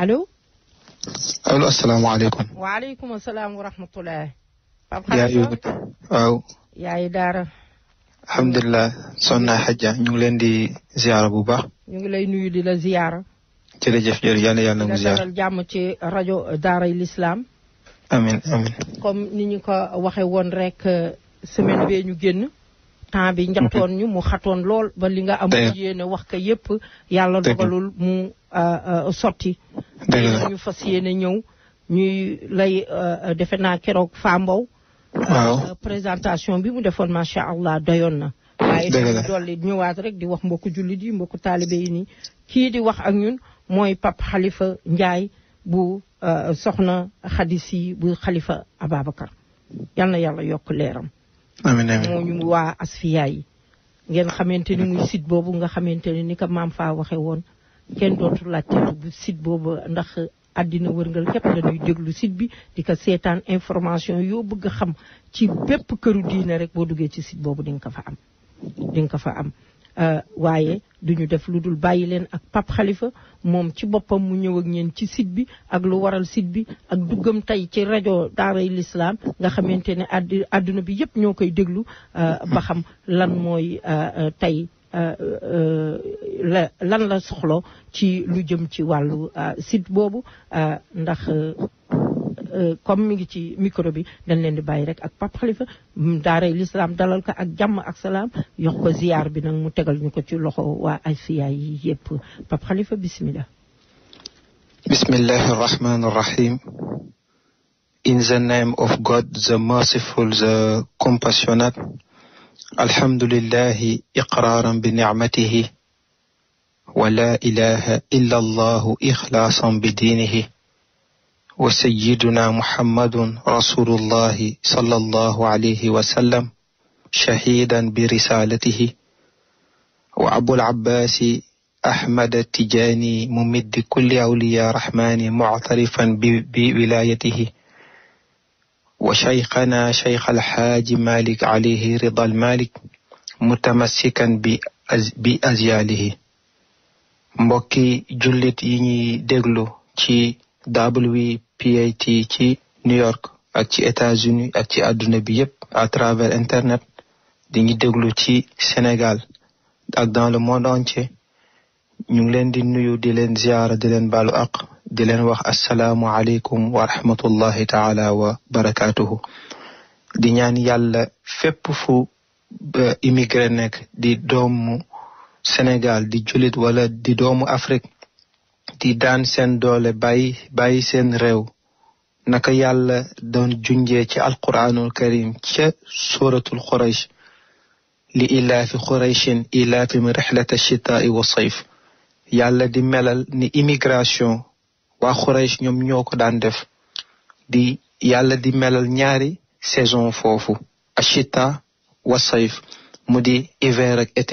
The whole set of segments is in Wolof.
allo. allo asalaamaaleykum. waaleykum salaam wa rahmatulah. yaay yu waaw. yaay daara. alhamdulilah soxna Hadja ñu ngi leen di ziara bu baax. ñu ngi lay nuyu di la ziara. jërëjëf jërëjëf yal na yàlla mu ziara di jàmm ci rajo daaray lislaam. amiin amiin. comme ni ñu ko waxee woon rek euh, semaine bee ñu génn. temps bi njatoon ñu mu xatoon lool ba li nga amul yéene wax ka yépp yàlla dogalul mu euh, euh, sotti ñu fas yéene ñëw ñuy lay euh, defe naa keroog Fambaw mbow présentation bi mu defoon macha allah doyoon na waaye dañu dolli ñëwaat rek di wax mbokku julli di mbokku taalibe yi nii kii di wax ak ñun mooy Pape xalifa Ndiaye bu soxna xadis yi bu Khalifa Ababacar yal na yàlla yokk leeram amiin amiin moo ñu waa Asfiya yi. ngeen xamante ni muy site boobu nga xamante ne ni ko maam faa waxe woon kenn dootu laajte bu site boobu ndax àddina wërngal képp la ñuy déglu site bi di ko seetaan information yoo bëgg a xam ci bépp këru diine rek boo duggee ci site boobu di nga ko fa am di nga ko fa am. Euh, waaye duñu def lu dul bàyyi leen ak Pape xalifa moom ci boppam mu ñëw ak ñeen ci site bi ak lu waral site bi ak duggam tey ci rajo daaray lislaam nga xamante ne àdduna bi yëpp ñoo koy déglu euh, ba xam lan mooy euh, tey lan la soxlo ci lu jëm ci wàllu site boobu ndax comme mi ngi ci micro bi dañ leen di bàyyi rek ak Pape lislaam dalal ko ak jàmm ak salaam yox ko bi nag mu tegal ñu ko ci loxo waa yi yépp Pape bismillah rahim in the name of God the merciful the compassionate الحمد لله إقرارا بنعمته ولا إله إلا الله إخلاصا بدينه وسيدنا محمد رسول الله صلى الله عليه وسلم شهيدا برسالته وأبو العباس أحمد التجاني ممد كل أولياء الرحمن معترفا بولايته وشيخنا شيخ الحاج مالك عليه رضا المالك متمسكا بأزياله مبكي جلت يني دغلو تي ci PAT ci New York ak ci États-Unis ak ci àdduna bi yépp à travers internet di diñu déglu ci Sénégal ak dans le monde entier ñu ngi leen di nuyu di leen ziyaara di leen baalu aq di leen wax asalaamu aleykum wa rahmatullahi wa barakaatuhu di ñaan yàlla fépp fu immigré nekk di doomu Sénégal di jullit wala di doomu Afrique di daan seen doole bàyyi bàyyi seen réew naka yàlla doon junjee ci alquraanul karim ca suratul quraysh li ilaafi qurayshin ilaafim rixlata chitaai wa sayf yàlla di melal ni immigration waa quraysh ñoom ñoo ko daan def di yàlla di melal ñaari saison foofu achita wa sayf mu di hiver ak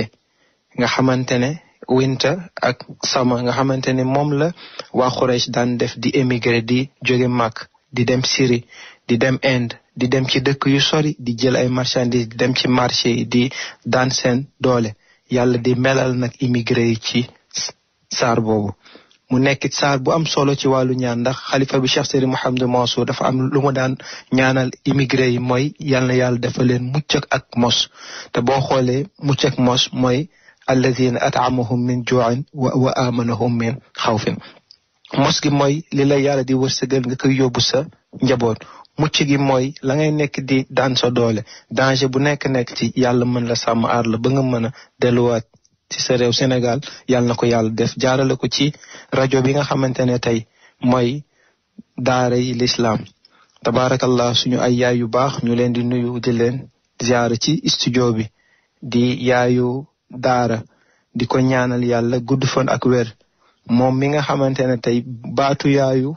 nga xamante ne winter ak summer nga xamante ne moom la waa Quraysh daan def di émigré di jóge mag di dem siri di dem ind di dem ci dëkk yu sori di jël ay marchandises di dem ci marché di daan seen doole yàlla di melal nag immigré yi ci sar boobu mu nekk saar bu am solo ci wàllu ñaan ndax xalifa bi Cheikh Serigne Mouhamadou Mansour dafa am lu mu daan ñaanal immigré yi mooy yal na yàlla dafa leen mucc ak mos te boo xoolee mucc ak mos mooy alladina ataamahum min juuin wa amanahum min xawfin mos gi mooy li la yàlla di wërsëgal nga kay yóbbu sa njaboot mucc gi mooy la ngay nekk di daan sa doole danger bu nekk nekk ci yàlla mën la sàmm arla ba nga mën a delluwaat ci sa réew Sénégal yàlla na ko yàlla def jaarale ko ci rajo bi nga xamante ne tey mooy daara yi lislaam tabaarakallah suñu ay yaay yu baax ñu leen di nuyu di leen ziar ci studio bi di yaayu daara di ko ñaanal yàlla gudd fan ak weer moom mi nga xamante ne tey baatu yaayu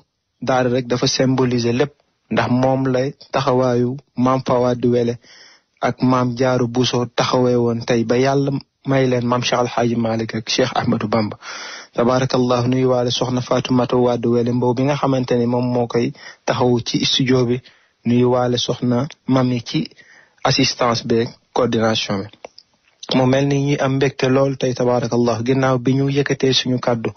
daara rek dafa symboliser lépp ndax moom lay taxawaayu maam Fawade Wele ak maam Jaaru Buso taxawee woon tey ba yàlla may leen maam Cheikh Alxaaji Malik ak Cheikh Ahmadou Bamba tabarakallahu nuy waale soxna Faatumata Wade Wele mbow bi nga xamante ne moom moo koy taxawu ci studio bi nuy waale soxna mami ci assistance beeg coordination bi moo mel ni ñuy am mbégte lool tey tabaarakallah ginnaaw bi ñu yëkkatee suñu kàddu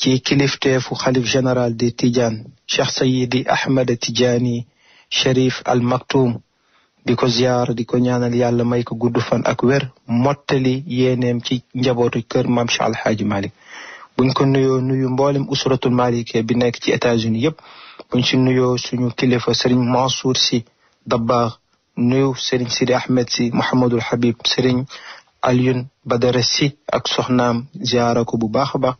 ci kilifteefu xalif général di Tidiane Cheikh Sayidi Ahmed Tidiane Cherif al Maktoum di ko ziar di ko ñaanal yàlla may ko gudd fan ak wér mottali yéeneem ci njabootu kër maam Cheikh Al Hadj buñ ko nuyoo nuyu mboolem usratul malike bi nekk ci États-Unis yëpp buñ nuyoo suñu kilifa sëriñ Mansour si Dabbaax nuyu sëriñ Sidi Ahmed si Mouhamadul Habib sëriñ Alioune Badara Sy ak soxnaam ziara bu baax a baax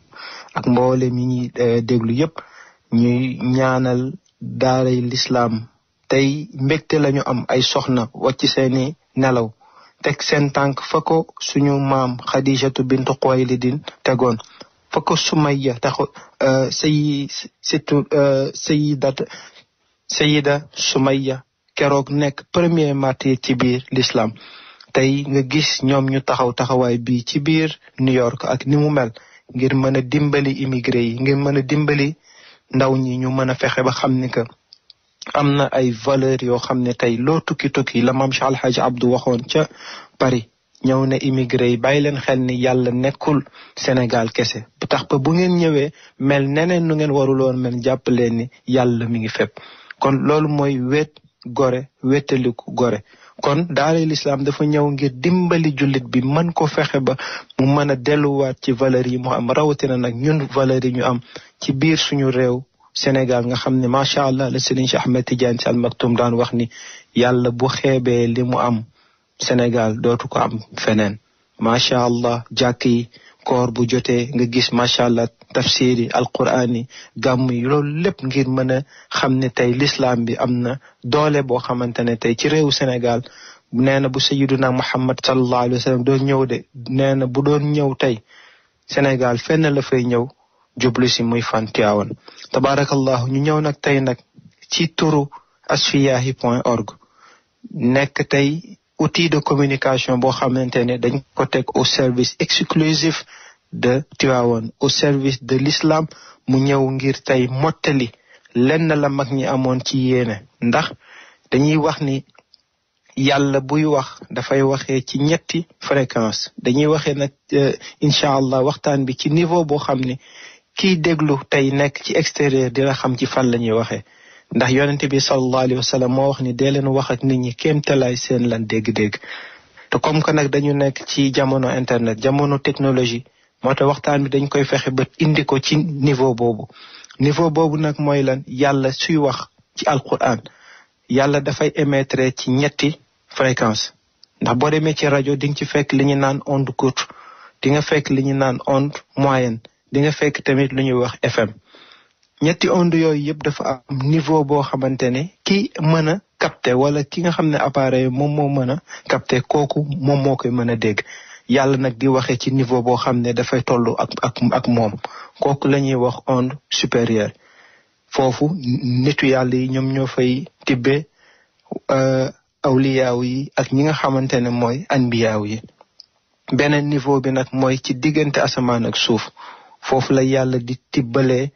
ak mboole mi ñuy eh, déglu yépp ñuy ñaanal daaray lislaam tey mbégte lañu am ay soxna wàcc seeni nelaw teg seen tànk fa suñu maam xadijatu bintu xuwaylidin tegoon fa ko sumayya tax eh, sayi situ eh, sayidat sayida sumayya keroog nekk premier martyr ci biir l'islam tey nga gis ñoom ñu taxaw taxawaay bii ci biir New York ak ni mu mel ngir mën a dimbali immigré yi ngir mën a dimbali ndaw ñi ñu mën a fexe ba xam ni que am na ay valeur yoo xam ne tey loo tukki tukki la maam Cheikh Alhaji Abdou waxoon ca Paris ñëw ne immigré yi bàyyi leen xel ni yàlla nekkul Sénégal kese bu tax ba bu ngeen ñëwee mel neneen nu ngeen waruloon mel jàpp leen ni yàlla mi ngi fepp kon loolu mooy wet gore wetaliku gore kon daara lislaam dafa ñëw ngir dimbali jullit bi man ko fexe ba mu mën a delluwaat ci valeur yi mu am rawatina nag ñun valeur yi ñu am ci biir suñu réew Sénégal nga xam ne macha allah la Serigne Cheikh Ahmed Tidiane Sy Al Maktoum daan wax ni yàlla bu xeebee li mu am Sénégal dootu ko am feneen macha allah jàkk yi koor bu jotee nga gis macha allah tafsiri alquran yi gàmm yi loolu lépp ngir mën a xam ne tey lislaam bi am na doole boo xamante ne tey ci réewu Sénégal nee na bu sayiduna Muhammad sallallahu alayhi wa sallam doon de nee na bu doon ñëw tey Sénégal fenn la fay ñëw jublu muy fan Tiwaawan ñu ñëw nag tey nag ci turu asfiyahi point org nekk tey outil de communication boo xamante dañ ko teg au service exclusif de Tivaouane au service de l'islam mu ñëw ngir tey mottali lenn la mag ñi amoon ci yéene ndax dañuy wax ni yàlla buy wax dafay waxee ci ñetti fréquence dañuy waxee nag euh, incha allah waxtaan bi ci niveau boo xam ne kiy déglu tey nekk ci extérieur dina xam ci fan la ñuy waxee ndax yonent bi sallallahu alayhi wa moo wax ni de leen wax ak nit ñi kéemtalaay seen lan dég dégg te comme que nag dañu nekk ci jamono internet jamono technologie moo waxtaan bi dañ koy fexe ba indi ko ci niveau boobu niveau boobu nag mooy lan yàlla suy wax ci alquran yàlla dafay émetre ci ñetti fréquence ndax boo demee ci rajo di nga ci fekk li ñu naan onde courte di nga fekk li ñu naan onde moyenne di nga fekk tamit lu ñuy wax FM ñetti onde yooyu yëpp dafa am niveau boo xamante ne ki mën a capter wala ki nga xam ne appareil moom moo mën a capter kooku moom moo koy mën a dégg yàlla nag di waxee ci niveau boo xam ne dafay toll ak ak ak moom kooku la ñuy wax onde supérieure foofu nitu yàlla yi ñoom ñoo fay tibbee euh, awliyaaw yi ak ñi nga xamante ne mooy anbiyaaw yi beneen niveau bi nag mooy ci diggante asamaan ak suuf foofu la yàlla di tibbalee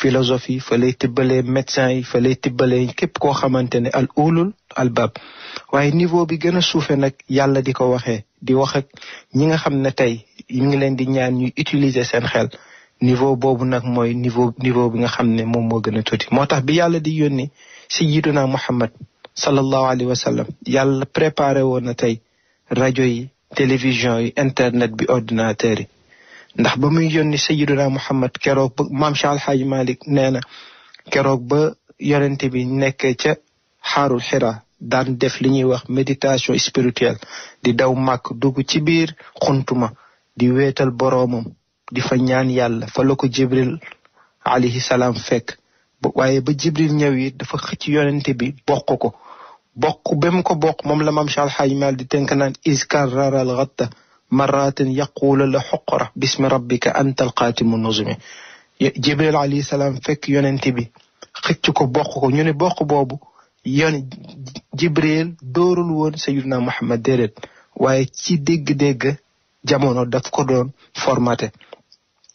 philosophie yi fa lay tibbalee médecin yi fa lay tibbalee képp koo xamante ne al ulul albab waaye niveau bi gën suufe nag yàlla di ko waxee di wax ak ñi nga xam ne tey ñu ngi leen di ñaan ñu utiliser seen xel niveau boobu nag mooy niveau niveau bi nga xam ne moom moo gën a tuuti moo tax bi yàlla di yónni si yiduna muhammad sallallahu alayhi wa sallam yàlla préparé woon na tey rajo yi télévision yi internet bi ordinateur yi ndax ba muy yónni sayiduna muhammad keroog ba maam cheikh alxaaji malik nee na keroog ba yonente bi nekk ca xaarul xira daan def li ñuy wax méditation spirituelle di daw màkk dugg ci biir xuntuma di weetal boroomam di fa ñaan yàlla fa la ko jibril alayhi salaam fekk waaye ba jibril ñëw yi dafa xëcc yonente bi bokk ko bokk ba mu ko bokk moom la mam Cheikh Alxaaji Maal di tënk naan iskarrara alxatta maratin yaquula la xoqra bismi rabbika anta alxaatimu nuzumi jibril alayhi salaam fekk yonente bi xëcc ko bokk ko ñu ne bokk boobu yoon Jibril doorul woon Sayyidina Muhammad déedéet waaye ci dégg-dégg jamono daf ko doon formaté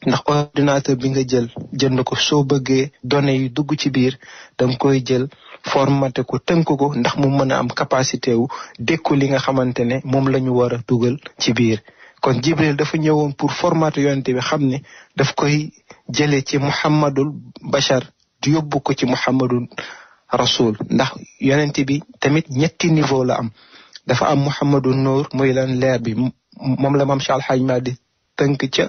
ndax ordinateur bi nga jël jënd ko soo bëggee donne yi dugg ci biir danga koy jël formate ko tënk ko ndax mu mën a am capacité wu dékku li nga xamante ne moom la ñu war a dugal ci biir kon Jibril dafa ñëwoon pour formaté yonent bi xam ne daf koy jële ci Muhammadul Bachar yóbbu ko ci Muhammadul rasul ndax yonent bi tamit ñetti niveau la am dafa am muhammadu nur muy lan leer bi moom la mam chal xaj ma di tënk ca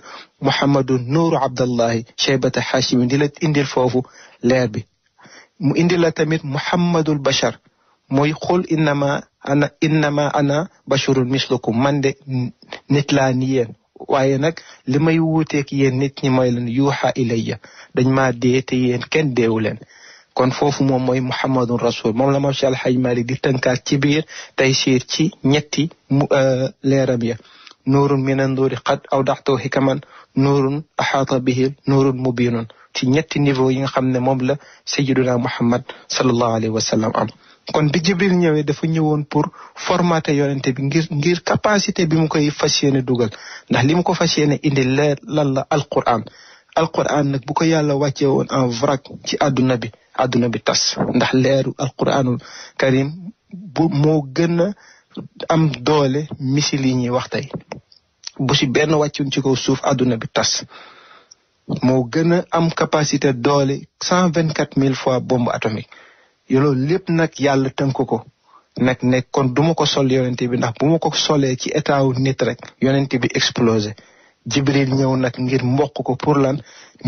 muhammadu nuru abdallahi cheybata hashimi di la indil foofu leer bi mu indi la tamit muhammadul bashar mooy xul innama ana innama ana bashurun mislukum man de nit laa ni yéen waaye nag li may wuuteeg yéen nit ñi mooy lan yuuxa ilayya dañ maa dee te yéen kenn deewu leen kon foofu moom mooy muhammadun rasul moom la mam si alxaj malik di tënkaat ci biir tey siir ci ñetti mu ya nurun minan qad aw hikaman nurun axaata bihi nurun mubinun ci ñetti niveau yi nga xam ne la sayiduna muhammad sallallahu alayhi wa am kon bi jibril ñëwee dafa ñëwoon pour formater yonente bi ngir ngir capacité bi mu koy fas dugal ndax li ko fas indi lan la alquran alquran nag bu ko yàlla wàcce woon en vrac ci àdduna bi àdduna bi tas ndax leeru alquranul karim bu moo gën a am doole misil yi ñuy wax tey bu si benn wàccun ci kaw suuf àdduna bi tas moo gën a am capacité doole cent vingt quatre mille fois bombe atomique yoloolu lépp nag yàlla tënk ko nag ne kon du ma ko sol yonent bi ndax bu ma ko solee ci état wu nit rek yonent bi explosé jibril ñëw nag ngir mboq ko pour lan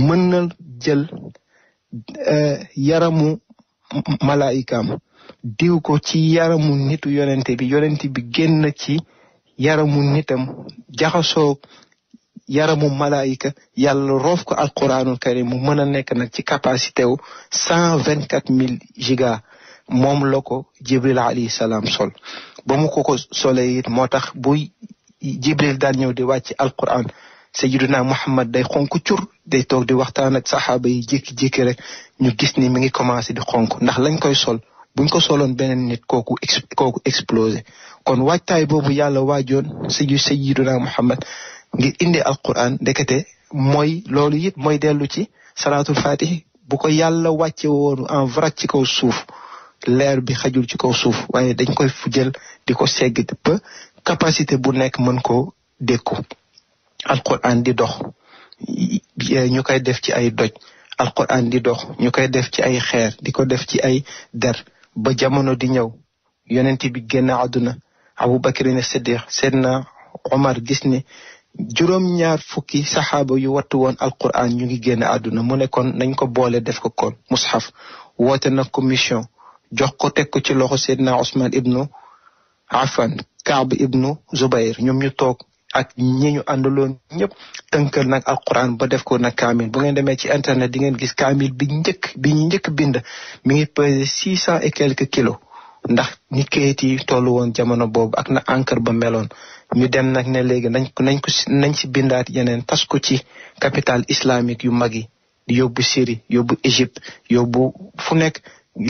mën na jël Eh, yaramu malaykam diw ko ci yaramu nitu yonente bi yonente bi génn ci yaramu nitam jaxasoo yaramu malayka yàlla roof ko alquranul karim mu mën a nekk nag ci capacité wu cent vingt quatre mille giga moom la ko jibril alayhi sol ba mu ko ko solee it moo tax bu jibril daan ñëw di wàcc alquran sayiduna muhammad day xonk cur day toog di waxtaan ak saxaaba yi jékki-jékki rek ñu gis ni mi ngi commencé di xonk ndax lañ koy sol buñ ko soloon beneen nit kooku kooku explosé kon waajtaay boobu yàlla waajoon siju sayyiduna Muhammad ngir indi alquran ndekete mooy loolu it mooy dellu ci salaatul fatih bu ko yàlla wàcce woonu en vrac ci kaw suuf leer bi xajul ci kaw suuf waaye dañ koy fujël di ko segg capacité bu nekk mën koo dékku alquran di dox ñu koy def ci ay doj alquran di dox ñu koy def ci ay xeer di ko def ci ay der ba jamono di ñëw yonent bi génn àdduna abu bakrin siddiq seydna omar gis ne juróom ñaar fukki saxaaba yu wattu woon alquran ñu ngi génn àdduna mu ne kon nañ ko boole def ko kon mushaf woote na commission jox ko teg ko ci loxo seydna osman ibnu afan kaab ibnu zubayr ñoom ñu toog ak ñi ñu àndaloon ñëpp tënkal nag alquran ba def ko nag kaamil bu ngeen demee ci internet di ngeen gis kaamil bi njëkk bi ñu njëkk bind mi ngi pesé six cent et quelques kilos ndax ni kayit yi toll woon jamono boobu ak na encre ba meloon ñu dem nag ne léegi nañ ko nañ ko nañ si bindaat yeneen tas ko ci capital islamique yu mag yi yóbbu Syrie yóbbu Égypte yóbbu fu nekk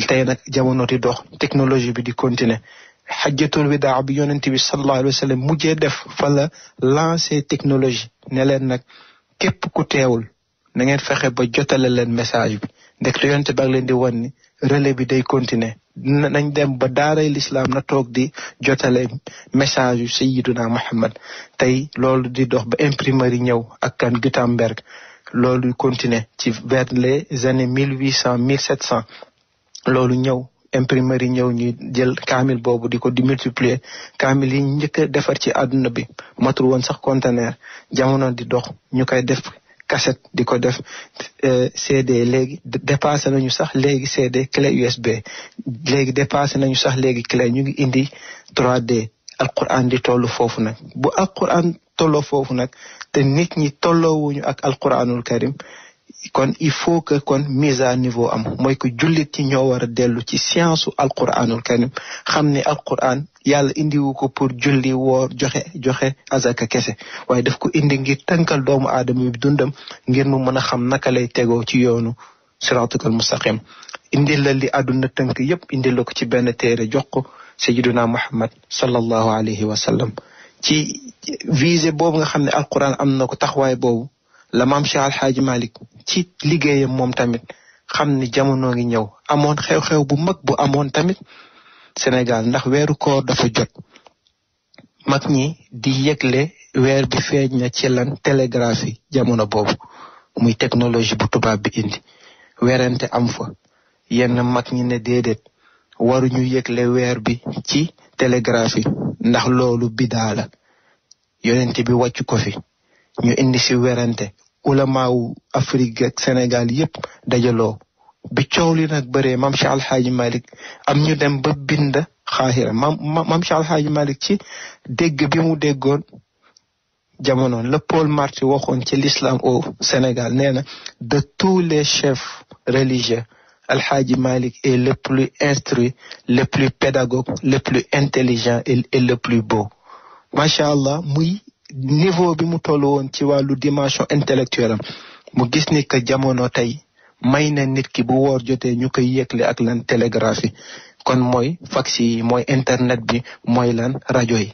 tey nag jamono di dox technologie bi di continuer xajjatul widaa bi yonent bi sallallahu alayhi wa sallam mujjee def fala la lancé technologie ne leen nag képp ku teewul na ngeen fexe ba jotale leen message bi ndekte yonent ba leen di wan ni relais bi day continuer nañ dem ba daaray lislaam na toog di jotale message yu sayiduna Muhammad tey loolu di dox ba imprimerie ñëw ak kan Gutenberg loolu continuer ci vers les années mille huit cent mille sept cent loolu ñëw imprimerie ñëw ñu jël kaamil boobu di ko di multiplier kaamil yi njëkk defar ci àdduna bi matul woon sax conteneur jamono di dox ñu koy def cassette di ko def euh, CD léegi dépassé nañu sax léegi CD clé USB léegi dépassé nañu sax léegi clé ñu ngi indi 3D alquran di toll foofu nag bu alquran tolloo foofu nag te nit ñi tolloowuñu ak alquranul karim kon il faut que kon mise à niveau am moy ko julit ci ño wara delu ci science alquranul karim xamne ne alquran yàlla indiwu ko pour julli woor joxe joxe azaka kesse way daf ko indi ngir tankal doomu adam yi dundam ngir mu meuna xam naka lay tegoo ci yoonu siratul mustaqim indi la li aduna tank yeb indi lako ci ben téere jox ko sayyiduna muhammad sallallahu alayhi wa sallam ci visé bobu nga xamne ne alquran am na ko taxawaay boobu la maam Cheikh Alxaaji ci liggéeyam moom tamit xam ni jamono ngi ñëw amoon xew-xew bu mag bu amoon tamit Sénégal ndax weeru koor dafa jot mag ñi di yëgle weer bi feeñ na ci lan télégraphie jamono boobu muy technologie bu tubaab bi indi weerante am fa yenn mag ñi ne déedéet waruñu yëgle weer bi ci télégraphie ndax loolu bidaa la yonent bi wàcc ko fi ñu indi si weerante ulamaawu afrique ak sénégal yépp dajaloo bi coow li nag bëree mam cheikh alxaaji malik am ñu dem ba bind xaaxira mam mam cheikh alxaaji malik ci dégg bi mu déggoon jamono le paul marti waxoon ci l'islam au sénégal nee na de tous les chefs religieux Al-Haji Malik est le plus instruit, le plus pédagogue, le plus intelligent et, et le plus beau. Masha'Allah, oui, niveau bi mu toll woon ci wàllu dimension intellectuelle am mu gis ni que jamono tey may na nit ki bu woor jotee ñu koy yëgle ak lan télégraphie kon mooy fax yi mooy internet bi mooy lan rajo yi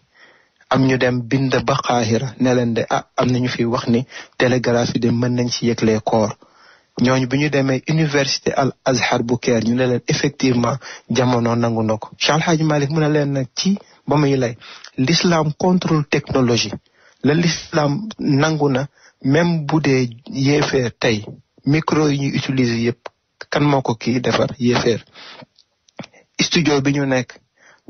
am ñu dem bind ba xaaxira ne leen de ah am nañu fi wax ni télégraphie de mën nañ ci yëgle koor ñooñu bi ñu demee université al azhar bu ñu ne leen effectivement jamono nangu na ko Cheikh Alhaji mun mu leen nag ci ba muy lay l'islam contrôle technologie la lislaam nangu na même bu dee yéefeer tey micro yi ñuy utiliser yëpp kan moo ko kii defar yéefeer studio bi ñu nekk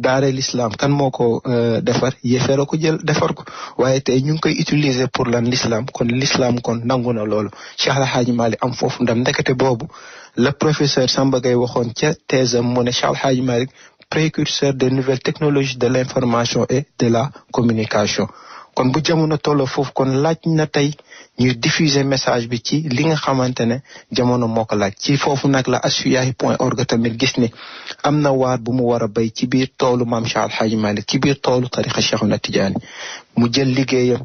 daare l'islam kan moo ko euh, defar yéefeer a ko jël defar ko waaye tey ñu ngi koy utiliser pour lan l'islam kon l'islam kon nangu na loolu Cheikh El Hadj am foofu ndam ndekete boobu la professeur Samba Gaye waxoon ca thèsam mu ne Cheikh El Hadj Malick précurseur des nouvelles technologies de l'information et de la communication kon bu jamono tolloo foofu kon laaj na tey ñu diffuser message bi ci li nga xamante ne jamono moo ko laaj ci foofu nag la asfiyahi point org tamit gis ni am na waar bu mu war a béy ci biir toolu maam Cheikh Al Hadj ci biir toolu tarixa Cheikhuna Tidiane mu jël liggéeyam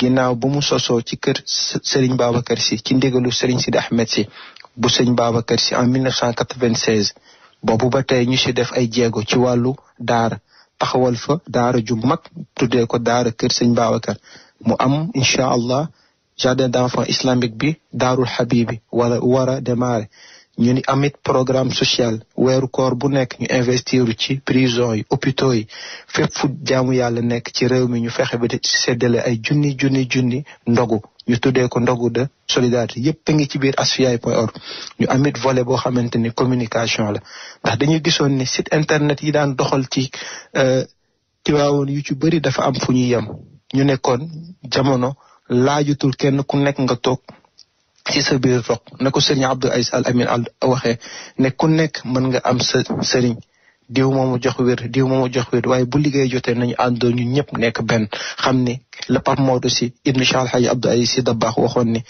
ginnaaw bu mu sosoo ci kër Serigne Babacar si ci ndigalu Serigne Sidi Ahmed Sy bu sëñ Babacar Sy en 1996 boobu ba tey ñu si def ay jéego ci wàllu daara taxawal fa daara ju mag tuddee ko daara kër sëñ Babacar mu am incha allah jardin d'enfants islamique bi daarul Habibi wala war a démarrer ñu ni amit programme social weeru koor bu nekk ñu investir ci prison yi hôpitaux yi fépp fu jaamu yàlla nekk ci réew mi ñu fexe ba di séddale ay junni junni junni ndogu yu tuddee ko ndagu de solidarité yëpp ngi ci biir asfiyahi point org ñu amit volet boo xamante ni communication la ndax dañu gisoon ni site internet yi daan doxal ci euh, Tiwaawoon yu ci bëri dafa am fu ñuy yem ñu nekkoon jamono laajutul kenn ku nekk nga toog ci sa biir roq na ko sëriñ Abdou Aziz Al Amin al waxee ne ku nekk mën nga am sa sëriñ diw moom a jox wér diw moom a jox wér waye bu liggéey jotee nañu ando ñu ñëpp nek ben xamni le Pape Maodo ci Ibn shal hay Abdou ay si dabax waxon ni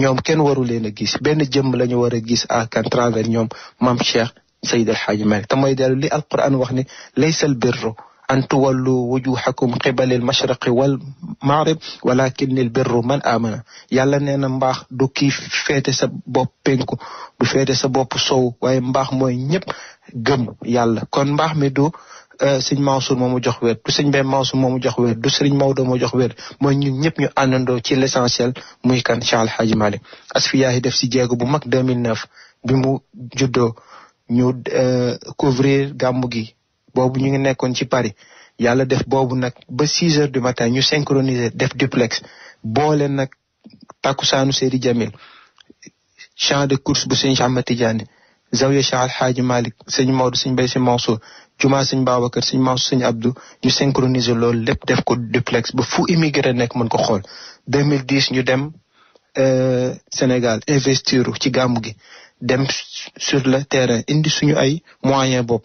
ñom kenn waru leena gis ben jëm lañu wara gis à kan travers ñom mam Cheikh sayyid al hajj Malick tamay mooy li al qur'an wax ni laysal birru أن تولوا وجوهكم قبل المشرق والمغرب ولكن البر من آمن yàlla nee na mbaax du kii féete sa bopp penku du féete sa bopp sow waaye mbaax mooy ñëpp gëm yàlla kon mbaax mi du sëñ Mansour moomu jox wér du sëñ Ben Mansour moomu jox wér du sëriñ Maodo moo jox wér mooy ñun ñëpp ñu àndandoo ci l'essentiel muy kan Cheikh Al Hadji Malick Asfiya yi def si jéego bu mag 2009 bi mu juddoo ñu couvrir gàmmu gi boobu ñu ngi nekkoon ci Paris yàlla def boobu nag ba six heures du matin ñu synchroniser def duplex boole nag takkusaanu Seydi Jamil champ de course bu sëñ Ahmad Tidiane Zawiya Cheikh Al Hadji Malick sëñ Maodo sëñ Bay si Mansour jumaa sëñ Babacar sëñ Mansour sëñ abdu ñu synchroniser loolu lépp def ko duplex ba fu immigré nekk mën ko xool 2010 ñu dem euh, Sénégal investir ci gàmmu gi dem sur le terrain indi suñu ay moyen bopp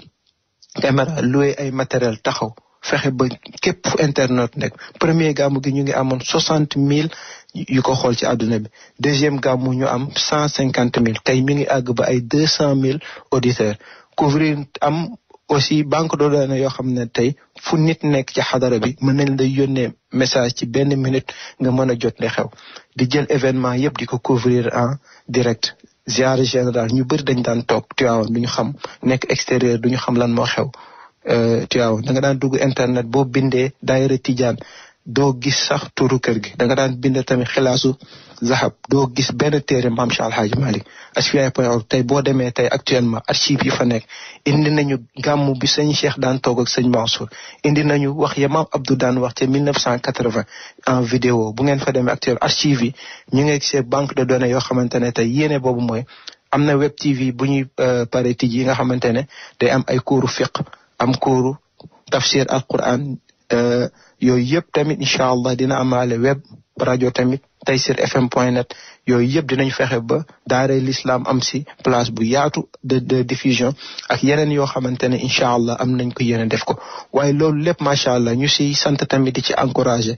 MRA loué ay matériel taxaw fexe ba képp fu internet nekk premier gàmmu gi ñu ngi amoon soixante mille yu ko xool ci àdduna bi deuxième gàmmu ñu am cent cinquante mille tey mi ngi àgg ba ay deux cent mille auditeur couvrir am aussi banque de données yoo xam ne tey fu nit nekk ci xadara bi mën nañ la yónnee message ci benn minute nga mën a jot li xew di jël événement yëpp di ko couvrir en direct ziare général ñu bëri dañ daan toog Tivaouane du ñu xam nekk extérieur du ñu xam lan moo xew euh, Tivaouane da nga daan dugg internet boo bindee daayira Tijaan doo gis sax turu kër gi da nga daan bind tamit xilaasu zahab doo gis benn téere maam Cheikh Al Hadj Malick asfiyahi point org tey boo demee tey actuellement archive yi fa nekk indi nañu gàmm bi sëñ Cheikh daan toog ak sëñ Mansour indi nañu wax ya maam Abdou daan wax ca 1980 en vidéo bu ngeen fa demee actuel archive yi ñu ngi see banque de données yoo xamante ne tey yéene boobu mooy am na web tv bu ñuy euh, pare tij yi nga xamante ne day am ay kuuru fiq am kuuru tafsir yooyu yëpp tamit incha allah dina amaale web rajo tamit taysir fm net yooyu yëpp dinañ fexe ba daaree l'islam am si place bu yaatu de de diffusion ak yeneen yoo xamante ne incha allah am nañ ko yéene def ko waaye loolu lépp macha allah ñu si sant tamit di ci encouragé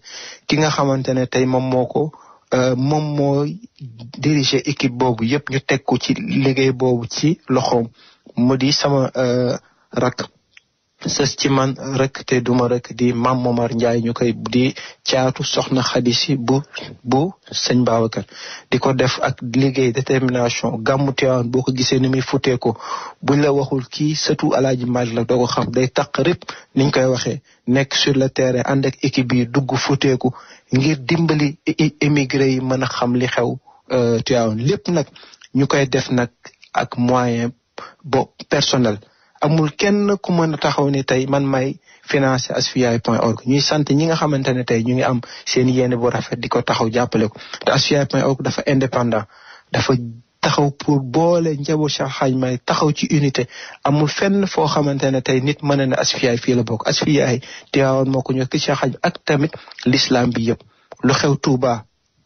ki nga xamante ne tey moom moo ko moom moo diriger équipe boobu yëpp ñu teg ko ci liggéey boobu ci loxoom mu di sama rak sës ci man rek te duma rek di Mame Momar Ndiaye ñu koy di caatu soxna xadisi bu bu sëñ Babacar di ko def ak liggéey détermination gàmmu Tiwaawan boo ko gisee ni muy futee ko buñ la waxul kii sëtu alaaji Maalik la doo ko xam day taq rëpp niñ koy waxee nekk sur le terrain ànd ak équipe yi dugg futeeku ngir dimbali émigré yi mën a xam li xew euh, Tiwaawan lépp nag ñu koy def nag ak moyen bo personnel amul kenn ku mën a taxaw ni tey man may financer asfiyahi point org ñu sant ñi nga xamante ne tey ñu ngi am seen yéene bu rafet di ko taxaw jàppale ko te asfiyahi point org dafa indépendant dafa taxaw pour boole njaboot Cheikh Xaaj may taxaw ci unité amul fenn foo xamante ne tey nit mën na ne asfiyahi fii la bokk asfiyahi Tiwaawan moo ko ki Cheikh Xaaj ak tamit l'islam bi yëpp lu xew tuuba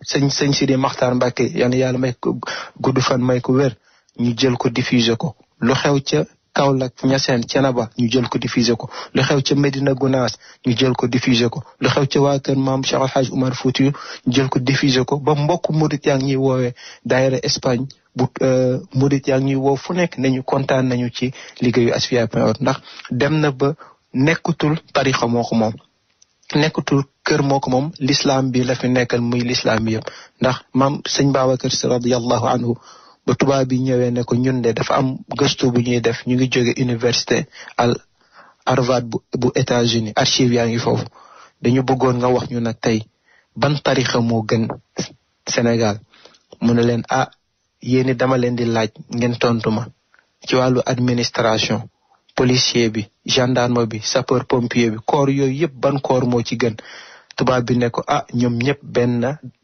sëñ sëñ Sidi Maxtaar Mbàkke yal na yàlla may ko gudd fan may ko wér ñu jël ko diffuser ko Kaolack Niassène Thiénaba ñu jël ko diffusé ko lu ca Medina Gounass ñu jël ko diffusé ko lu xew ca waa kër maam Cheikh Al Hadj Oumar ñu jël ko diffusé ko ba mbokk murit yaa ngi ñuy woowee daayira Espagne bu euh, murit yaa ngi ñuy woow fu nekk nañu kontaan nañu ci liggéeyu asfiyahi.org ndax dem na ba nekkatul tarixa moo ko nekkatul kër moo ko moom l'islam bi la fi nekkal muy l'islam bi yëpp ndax maam sëñ kër Si radiyallahu anhu ba tubaab bi ñëwee ne ko ñun de dafa am gëstu bu ñuy def ñu ngi jóge université al Harvard bu bu États-Unis archive yaa ngi foofu dañu bëggoon nga wax ñu nag tey ban tarixa moo gën Sénégal mu ne leen ah yéeni dama leen di laaj ngeen tontu ma ci wàllu administration policier bi gendarme bi sapeur pompier bi koor yooyu yëpp ban corps moo ci gën tubaab bi ne ko ah ñoom ñëpp benn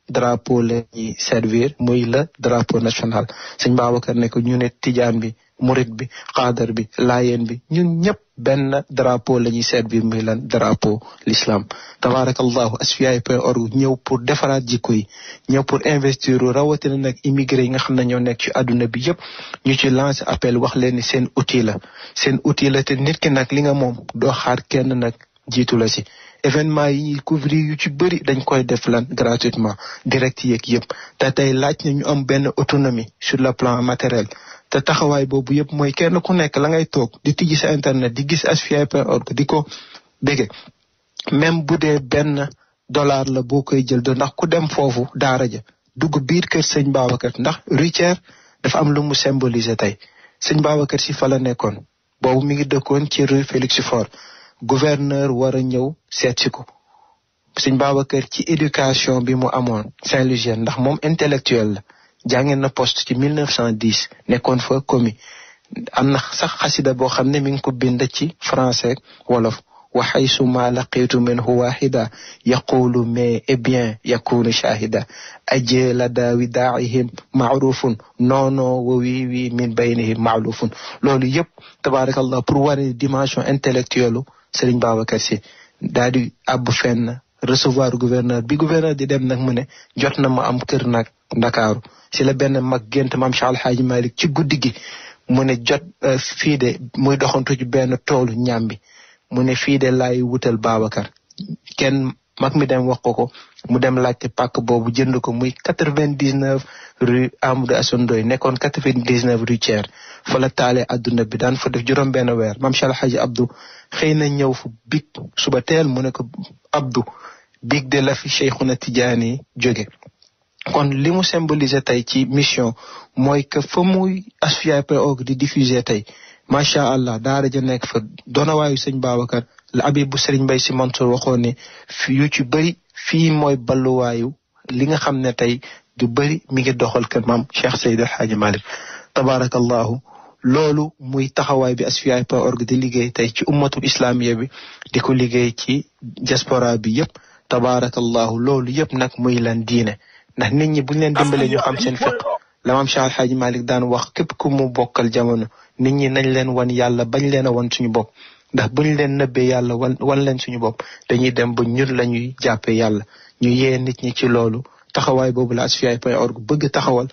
drapeau la servir muy la drapeau national sëñ Babacar ne ko ñu ne tijaan bi murit bi xaadar bi laayeen bi ñun ñëpp benn drapeau la ñuy servir muy lan drapeau l'islam tabarakallahu asfiyahi point org ñëw pour defaraat jikko yi ñëw pour investir rawatina nag immigré yi nga xam ne ñoo nekk ci àdduna bi yëpp ñu ci lancé appel wax leen ni seen outil la seen outil la te nit ki nag li nga moom doo xaar kenn nag jiitu la si événement yi ñuy couvrir yu ci bëri dañ koy def lan gratuitement direct yeeg yëpp te tey laaj na ñu am benn autonomie sur le plan matériel te taxawaay boobu yëpp mooy kenn ku nekk la ngay toog di tijji sa internet di gis asfiyahi.org di ko bége même bu dee benn dollar la boo koy jël do ndax ku dem foofu daara ja dugg biir kër sëñ Babacar ndax Richard dafa am lu mu symboliser tey sëñ Babacar si fa la nekkoon boobu mi ngi dëkkoon ci rue Félix Faure gouverneur war a ñëw seet si ko sëñ Babacar ci éducation bi mu amoon Saint-Louisien ndax moom intellectuel la jàngeen na post ci mille cent 1910 nekkoon fa commis am na sax xasida boo xam ne mi ngi ko bind ci français wolof وحيثما لقيت منه واحدا يقول ما ابيان يكون شاهدا أجي لدى وداعهم معروف نونو وويوي من بينهم معروف لولو يب تبارك الله برواني ديماشون انتلكتيولو سرين بابا كرسي دادي أبو فن recevoir gouverneur bi gouverneur di dem nag mu ne jot na ma am kër nag ndakaaru si la benn mag gént maam Cheikh Alhaaji Malik ci guddi gi mu ne jot fii de muy doxantu ci benn toolu ñàmbi mu ne fii de lay wutal Babacar kenn mag mi dem wax ko ko mu dem laajte pàkk boobu jënd ko muy quatre vingt dix neuf rue Amadou Assane Ndoye nekkoon quatre vingt dix neuf rue Thiers fa la taalee adduna bi daan fa def juróom benn weer maam Cheikh Alhaji Abdou xëy na ñëw fu big suba teel mu ne ko Abdou big de la fi Cheikhuna Tidiane jóge kon li mu symboliser tey ci mission mooy que fa muy Asfiyahi di diffuser tey macha allah daara ja nekk fa doonawaayu sëñ Babacar la abi bu sëriñ Mbay Si Mansour waxoon ne yu ci bëri fii mooy balluwaayu li nga xam ne tey du bëri mi ngi doxal kër maam Cheikh Seydi El Hadji Malick tabarakallahu loolu muy taxawaay bi asfiyahi.org di liggéey tey ci ummatul islamiya bi di ko liggéey ci diaspora bi yëpp tabarakallahu loolu yëpp nag muy lan diine ndax nit ñi buñ leen dimbalee ñu xam seen fiq la maam Cheikh Alxaaji Malik daan wax képp ku mu bokkal jamono nit ñi nañ leen wan yàlla bañ leen a wan suñu bopp ndax buñ leen nëbbee yàlla wan wan leen suñu bopp dañuy dem ba ñun la ñuy jàppee yàlla ñu yee nit ñi ci loolu taxawaay boobu la asfiyahi point org bëgg taxawal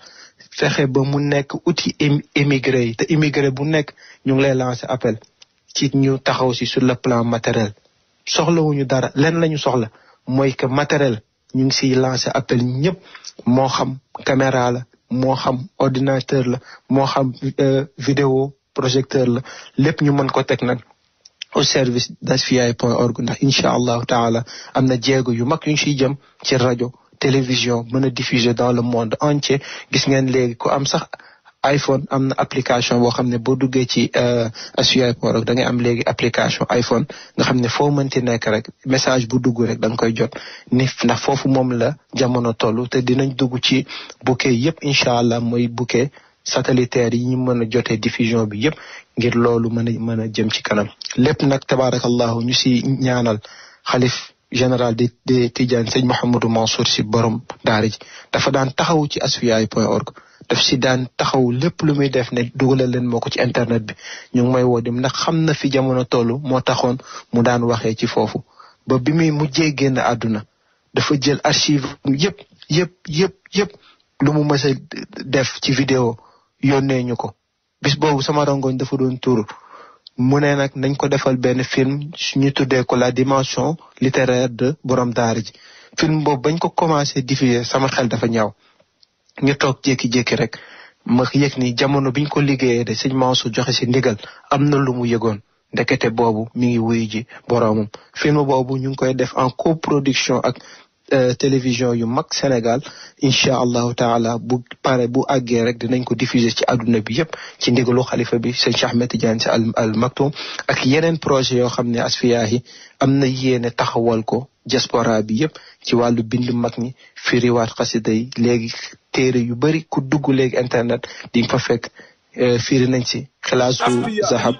fexe ba mu nekk outil émigré yi te immigré bu nekk ñu ngi lay lancer appel ci ñu taxaw si sur le plan matériel soxlawuñu dara leen lañu soxla mooy que matériel ñu ngi siy lancer appel ñëpp moo xam caméra la moo xam ordinateur la moo xam euh, vidéo projecteur la lépp ñu mën ko teg nag au service d'asfiyahi point org ndax incha allahu taala am na jéego yu mag yuñ ciy jëm ci rajo télévision mën a diffuser dans le monde entier gis ngeen léegi ko am sax iPhone am na application boo xam ne boo duggee ci SUI port rek da ngay am léegi application iPhone nga xam ne foo mënti rek message bu dugg rek da koy jot ni ndax foofu moom la jamono toll te dinañ dugg ci bouquet yépp incha allah bouquet satellitaire yi ñu mën a diffusion bi yépp ngir loolu mën a jëm ci kanam lépp nag tabaarakallahu ñu si ñaanal xalif général de de Tidiane sëñ Mouhamadou Mansour si borom daara dafa daan taxawu ci asfiyahi daf si daan taxaw lépp lu muy def ne dugalal leen moo ko ci internet bi ñu ngi may woo dim ndax xam na fi jamono tollu moo taxoon mu daan waxee ci foofu ba bi muy mujjee génn àdduna dafa jël archive yëpp yëpp yëpp yëpp lu mu mës a def ci vidéo yónnee ñu ko bis boobu sama rangoñ dafa doon tuuru mu ne nag nañ ko defal benn film ñu tuddee ko la dimension littéraire de borom daara ji film boobu bañ ko commencé diffuser sama xel dafa ñaaw ñu toog jékki-jékki rek ma yëg ni jamono biñ ko liggéeyee de sëñ Mansour joxe si ndigal am na lu mu yëgoon ndekete boobu mi ngi wuyu ji boroomam film boobu ñu ngi koy def en coproduction ak euh, télévision yu mag Sénégal incha allahu taala bu pare bu àggee rek dinañ ko diffuser ci àdduna bi yëpp ci ndigalu xalifa bi sëñ Cheikh Ahmed Tidiane Sy Al Maktoum ak yeneen projet yoo xam ne yi am na yéene taxawal ko diaspora bi yëpp ci wàllu bind mag ñi firiwaat xasida yi léegi téere yu bari ku dugg léegi internet ding nga fa fekk fiiri nañ ci xilaasu zahab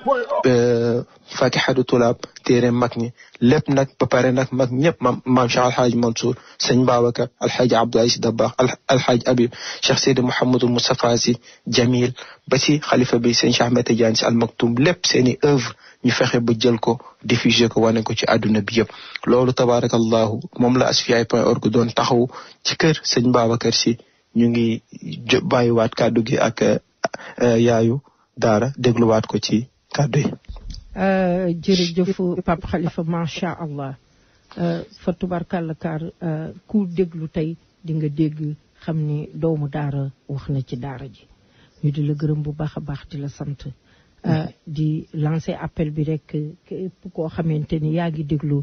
fakihatu tulaab téere mag ñi lépp nag ba pare nag mag ñëpp maam maam Cheikh Alhaaj Mansour sëñ Babacar Alhaaj Abdoulaye si Dabax Alhaaj Habib Cheikh Seydi Mouhamadou Moustapha si Jamil ba ci xalifa bi sëñ Cheikh Ahmed Tidiane si Almaktoum lépp seeni œuvre ñu fexe ba jël ko diffuser ko wane ko ci àdduna bi yëpp loolu tabarakallahu moom la asfiyahi point org doon taxaw ci kër sëñ Babacar si ñu ngi bàyyiwaat kàddu gi ak Euh, yaayu daara dégluwaat ko ci kàddu yi. Euh, jërëjëf Pape Khalifa macha allah euh, fa tubarkàlla kaar ku déglu tey dinga nga dégg xam ni doomu daara wax na ci daara ji ñu di la gërëm bu baax a baax di la sant. di lancer appel bi rek képp koo xamante ni yaa ngi déglu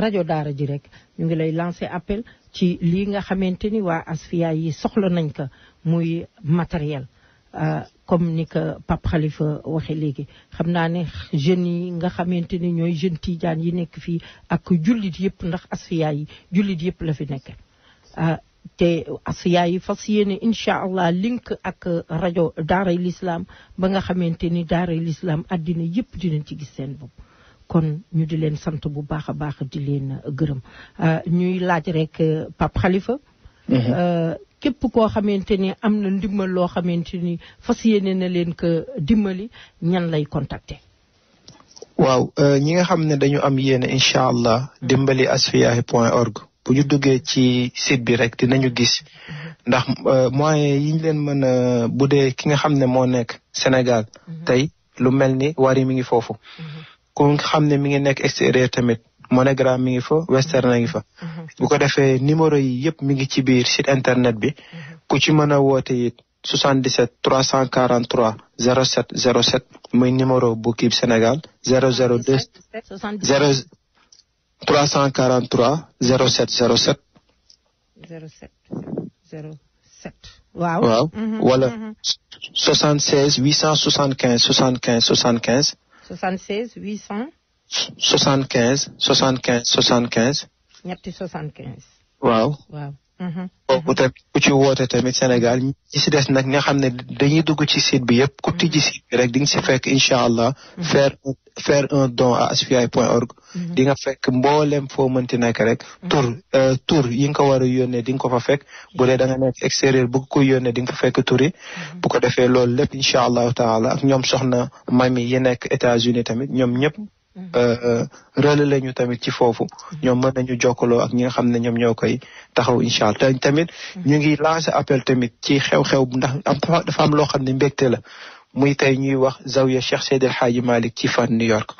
rajo daara ji rek ñu ngi lay lancer appel ci lii nga xamante ni waa asfiya yi soxla nañ ko muy matériel. Euh, comme ni ko Pape Khalifa waxe léegi xam naa ne jeunes yi nga xamante ni ñooy jeunes tijaan yi nekk fii ak jullit yëpp ndax asfiya yi jullit yëpp la fi nekk euh, te asfiya yi fas yéene incha allah link ak rajo daaray lislaam ba nga xamante ni daaray lislaam àddina yëpp dinañ ci gis seen bopp kon ñu di leen sant bu baax a baax di leen gërëm euh, ñuy laaj rek Pape Khalifa mhm. képp koo xamante ni am na ndimbal loo xamante ni fas yéene na leen ko dimbali ñan lay contacter. waaw euh, ñi nga xam ne dañu am yéene incha allah mm-hmm. dimbali asfiyahi point org bu ñu duggee ci site bi rek dinañu gis mm-hmm. ndax euh, moyens yi ñu leen mën a bu dee ki nga xam ne moo nekk Sénégal mm-hmm. tey lu mel ni wari mi ngi foofu ku xam ne mi ngi nekk extérieur tamit monogram mi ngi fa western ngi fa mhm. bu ko defee numéro yi yëpp mi ngi ci biir site internet bi mhm. ku ci mën a woote it 77 343 07 07 muy numéro bu kii Sénégal 002 0 343 07 07 07 07 waaw waaw mhm. wala 76 875 75 75 76 800 soixante quinze soixante quinze soixante quinze ñetti soixante quinze waaw waaw boobu mhm. tamit ku ci woote tamit Sénégal ñi si des nag nga xam ne dañuy dugg ci site bi yëpp ku tijji site bi rek di nga si fekk incha allah mhm. faire faire un don à asfiyahi point org mhm. di fekk mboolem foo mënti nekk rek tur euh, tur yi nga ko war a yónnee di nga ko fa fekk bu dee da nga nekk extérieur bu ko yónnee di nga fa fekk turi bu ko defee loolu lépp incha allahu taala ak ñoom soxna mami yi nekk États-Unis tamit ñoom ñëpp Euh, relais lañu tamit ci foofu mm-hmm. ñoom mën ñu jokkaloo ak ñi nga xam ne ñoom ñoo koy taxaw incha allah tamit mm-hmm. ñu ngi lancé appel tamit ci xew-xew ndax dafa am loo xam ne mbégte la muy tey ñuy wax zawiya Cheikh Seydi El Hadji Malick ci fan New York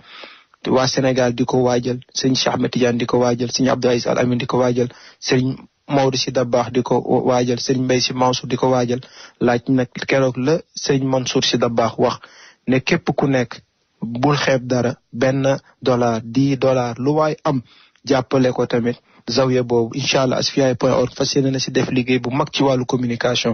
waa Sénégal di ko waajal sëñ Cheikh Ahmed Tidiane di ko waajal sëñ Abdou Aziz Al Amine di ko waajal sëñ Maodo si Dabaax di ko waajal sëñ mbay si Mansour di ko waajal laaj nag keroog la sëñ Mansour si baax wax ne képp ku nekk bul xeeb dara benn dollar dix dollar lu waaye am jàppale ko tamit zawiya boobu incha allah asfiyahi point org fas yéene na si def liggéey bu mag ci wàllu communication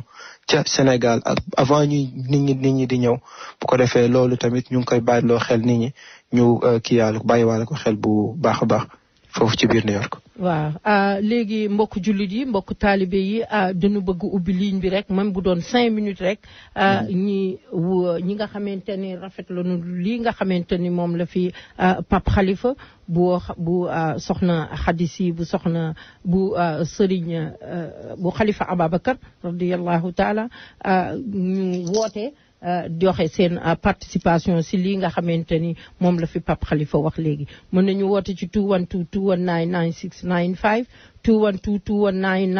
ca Sénégal ak avant ñuy nit ñi nit ñi di ñëw bu ko defee loolu tamit ñu ngi koy bàyyiloo xel nit ñi ñu euh, kiyaal bàyyiwaale ko xel bu baax a baax foofu ci biir New York. waaw ah, léegi mbokk jullit yi mbokk taalibe yi ah, dañu bëgg ubbi ligne bi rek man bu doon cinq minutes rek. Ah, hmm. ñi ñi nga xamante ni rafet la nu lii nga xamante ni moom la fi Pape xalifa bu bu soxna xadis yi bu soxna bu Serigne bu Khalifa Ababacar radiyallahu taala ñu woote. joxe euh, seen euh, participation si lii nga xamante ni moom la fi pap Khalifa wax léegi mën nañu woote ci 212 219 9695 212 219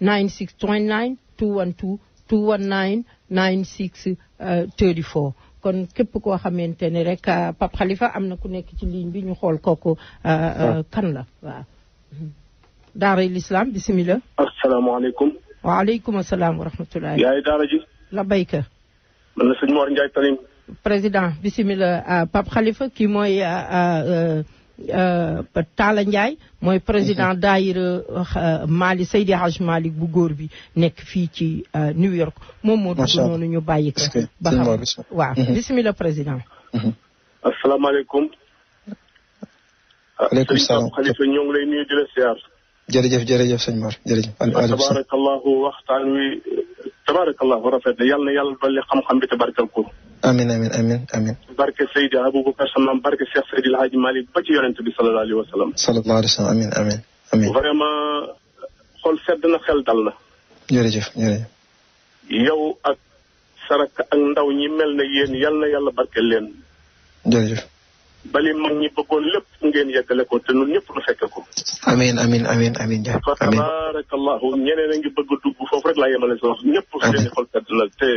9620 212 219 9629 212 219 9634 kon képp koo xamante ne rek euh, Pape Khalifa am na ku nekk ci ligne bi ñu xool kooku ah. kan la waaw daara l'islam bisimilah asalaamaaleykum waa salaam wa rahmatulah. yaay daara ji. la bayka. man la sëñ Mor Ndiaye président bisimilah euh, Pape Khalifa kii mooy euh, euh, Talla Ndiaye mooy président mhm. daayira Mali Seydi Haj Malik bu góor bi nekk fii ci New York. moom moo dugg noonu ñu bàyyi ko. ba xam waaw mhm. bisimilah président. Mhm. asalaamaaleykum. waaleykum ah, salaam Pape Khalifa ñoo ngi lay nuyu di la siyaar. جرجف جرجف سنمر جرجف تبارك الله وقت علوي تبارك الله ورفعت يلا يلا بلي خم خم بتبارك الكل امين امين امين امين بارك سيدي ابو بكر سلام بارك الشيخ سيدي الحاج مالي بجي يونت بي صلى الله عليه وسلم صلى الله عليه وسلم امين امين امين فريما خل سدنا خل دالنا جرجف جرجف يو سرك ان داو ني ملنا يين يلا يلا بارك لين جرجف bali mag ñi bëggoon lépp ngeen yeggale ko te ñun ñëpp nu fekke ko. amiin amiin amiin amiin ja fa tabarakallahu ñeneen a ngi bëgg a dugg foofu rek laa yemale si wax ñëpp seeni xol sedd na te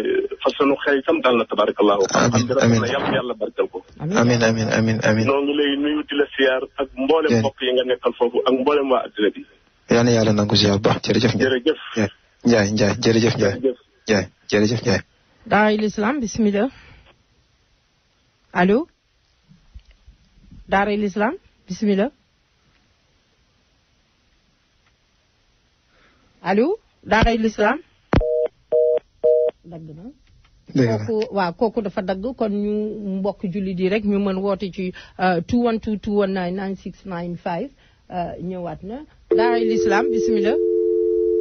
fa sunu xel itam daal na tabarakallahu xam bi rafet na yàlla yàlla barkal ko amiin amiin amiin amiin noo ngi lay nuyu di la siyaar ak mboolem mbokk yi nga nekkal foofu ak mboolem waa addina bi yaa na yàlla nangu siyaar baax jërëjëf jërëjëf Njaay Njaay jërëjëf Njaay Njaay jërëjëf Njaay daay l'islam bismillah allo daaray Islam, bismillah allo daaray lislaam dagg na kooku waaw kooku dafa dagg kon ñu mbokk jullit yi rek ñu mën woote ci euh, 212 euh, ñëwaat na daaray lislaam bismillah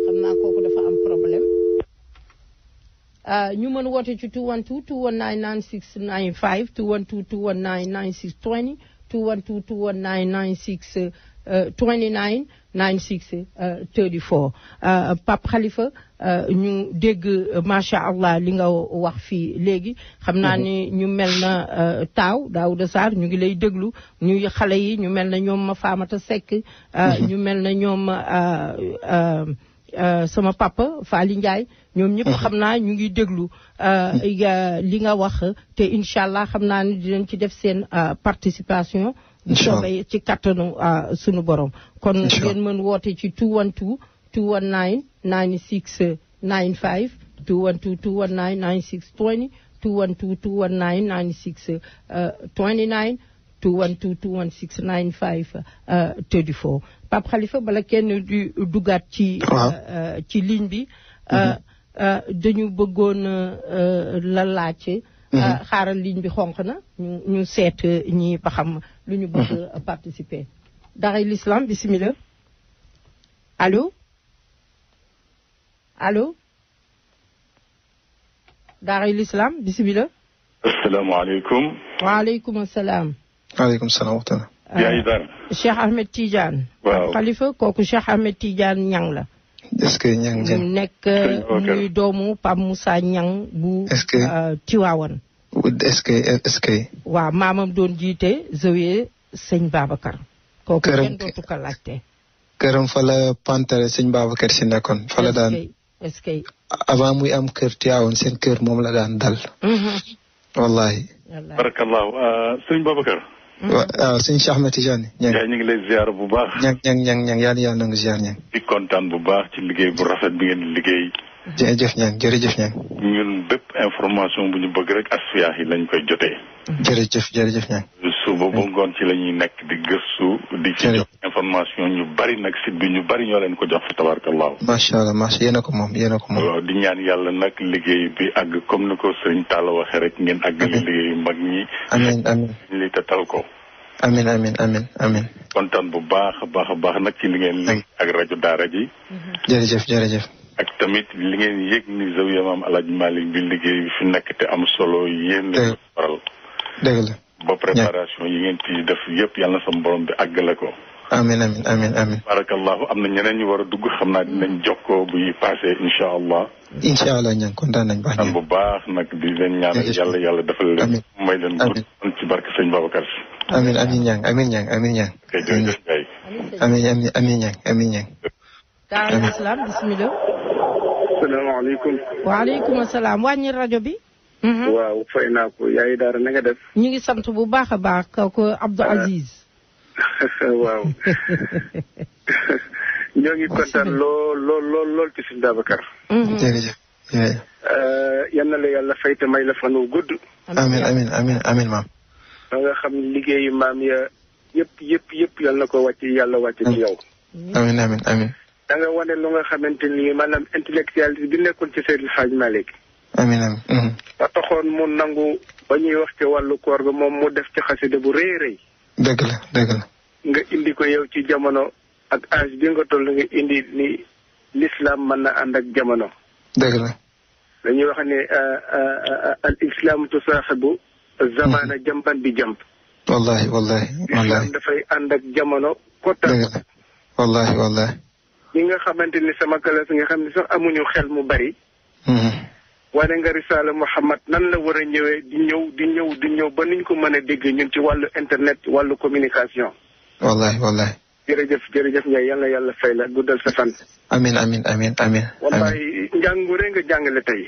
xam koko kooku dafa am problème euh, ñu mën woote ci 212 219 212 219 96 29 96 34 Pape Khalifa uh, ñu dégg uh, macha allah li nga wax fii léegi xam naa mhm. ni ñu mel na uh, taaw Daouda Sarr ñu ngi lay déglu ñu xale yi ñu mel na ñoom ma Faamata Seck mhm. ñu mel na ñoom Euh, sama papa Faly Ndiaye ñoom ñëpp xam naa ñu ngi déglu euh, euh, li nga wax te incha allah xam naa ne dinañ ci def seen participation soobee ci kattanu sunu borom kon ngeen mën woote ci 212 219 96 95 212 219 96 20 212 219 96 29 2122169 34 Pape Khalifa bala kenn du dugat ci ah. uh, uh, ci ligne bi uh, mhm. dañu bëggoon la laaj mhm. xaaral ligne bi xonq na ñu sét ñi ba xam lu ñu bëgg mhm. participer Dari l'Islam bismillah allo allo Dari l'Islam bismillah Assalamu Wa waaleykum assalam. waaleykum salaam wa euh, Ahmed Tidiane. waaw xalifa kooku Cheikh Ahmed tiijaan ñang la. est-ce que ñang jëm nekk ñuy euh, doomu Pape Moussa ñang bu. est-ce que euh, Tiwaawan. maamam doon jiite zawiya sëñ Babacar. kenn dootu laajte. këram fa la pantere sëñ Babacar si nekkoon fa daan. est-ce que muy am kër Tiwaawan seen kër moom la daan dal. Mhm. wallaahi. barakallahu sëñ Babacar. Mm. waaw ah, sëñ Cheikh Ahmed Tidiane. ñu ngi lay ziar bu baax. ña ña ña ña yàlla yàlla nangu ziar ña. di kontaan bu baax ci liggéey bu rafet bi ngeen liggéey. jërëjëf ña jërëjëf ña. ñun bépp information bu ñu bëgg rek asfiyahi lañ koy jotee. jërëjëf jërëjëf ñaan suba ba ngoon ci la ñuy nekk di gëstu di ci jox ñu bari nag site bi ñu bari ñoo leen ko jox fi tabarkallahu a ko moom yéen a ko moom waaw di ñaan yàlla bi àgg comme ni ko sëriñ Talla waxee rek ngeen àgg li liggéey mag ñi amiin amiin li te tal ko amin amin amin amin kontaan bu baax a a baax nag ci li ngeen li ak rajo daara ji jërëjëf jërëjëf ak tamit li ngeen yëg ni zawiya maam Alaaji Malik bi liggéey bi fi nekk te am solo yéen waral dëgg la ba préparation yi ngeen ci def yëpp yàlla na sama borom bi àggale ko. amin amin amin amin barakallahu am na ñeneen ñu war a dugg xam naa dinañ jokkoo buy passé incha allah incha allah ña ngi kontaan nañ baax bu baax nag di leen ñaanal yàlla yàlla defal leen may leen gudd ci barke sëñ Babacar si amin ñang amin ñang amin ñang amin ñang amin ñang daal islam bismillah salaamaaleykum rajo bi Mm-hmm. waaw fay naa ko yaay daara na nga def. ñu ngi sant bu baax a baax kooku Abdou ah. Aziz. waaw. ñoo ngi kontaan lool lool lool ci suñu Babacar. yan mm-hmm. euh, yal na la yàlla fay te may la fan wu gudd. amiin amiin amiin amiin maam. nga xam liggéeyu maam ya yëpp yëpp yëpp yal na ko yàlla wàcc yow. amiin amiin amiin. da nga wane lu nga xamante ni maanaam intellectuel bi nekkoon ci Seydil Hadj Malick. amiin amiin. Mhm. ba taxoon mu nangu ba ñuy wax ci wàllu koor ga moom mu def ci xasida bu rëy rëy. dëgg la dëgg la. nga indi ko yow ci jamono ak âge bi nga toll nga indi ni lislaam mën na ànd ak jamono. dëgg la. dañuy wax ne euh, euh, euh, al islam tusaaxibu. zamaana mhm. jamban bi jamb. dafay ànd ak jamono. kottal dëgg la wallahi wallahi. ñi nga xamante ni sama classe nga xam ne sax amuñu xel mu bari. Mhm. wane nga risaala Muhammad nan la war a ñëwee di ñëw di ñëw di ñëw ba niñ ko mën a dégg ñun ci wàllu internet wàllu communication. wallahi wallahi jërëjëf jërëjëf Ndiaye yal yàlla fay la guddal sa fan. amin amin amin amin wallahi njàng mu rëy nga jàngale tey.